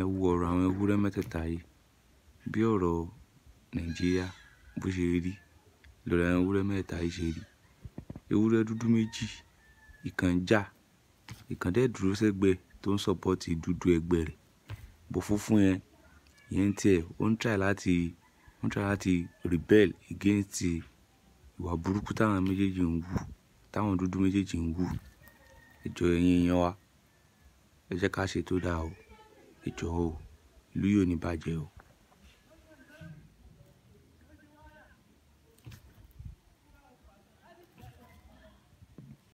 ẹ wo ọ̀rọ̀ àwọn ewúrẹ́ mẹ́tẹ̀ẹ̀ta yìí bí ọ̀rọ̀ nàìjíríà bó ṣe rí lọ́rọ̀ àwọn ewúrẹ́ mẹ́tẹ̀ẹ̀ta yìí ṣe rí ewúrẹ́ dúdú méjì ìkan ń jà ìkan dẹ̀ dúró sẹ́gbẹ́ tó ń sọ̀pọ́tì dúdú ẹgbẹ́ rẹ̀ bó funfun yẹn ìyẹn tiẹ̀ ó ń try láti ó ń try láti rebel against ìwà burúkú táwọn méjèèjì ń wù táwọn dúdú méjèèjì ń wù ẹjọ́ ẹ̀yin èèyàn wa ẹ jẹ́ ká ṣe tó dáa o ẹ jọ̀ọ́ o ìlú yìí ò ní bàjẹ́ o.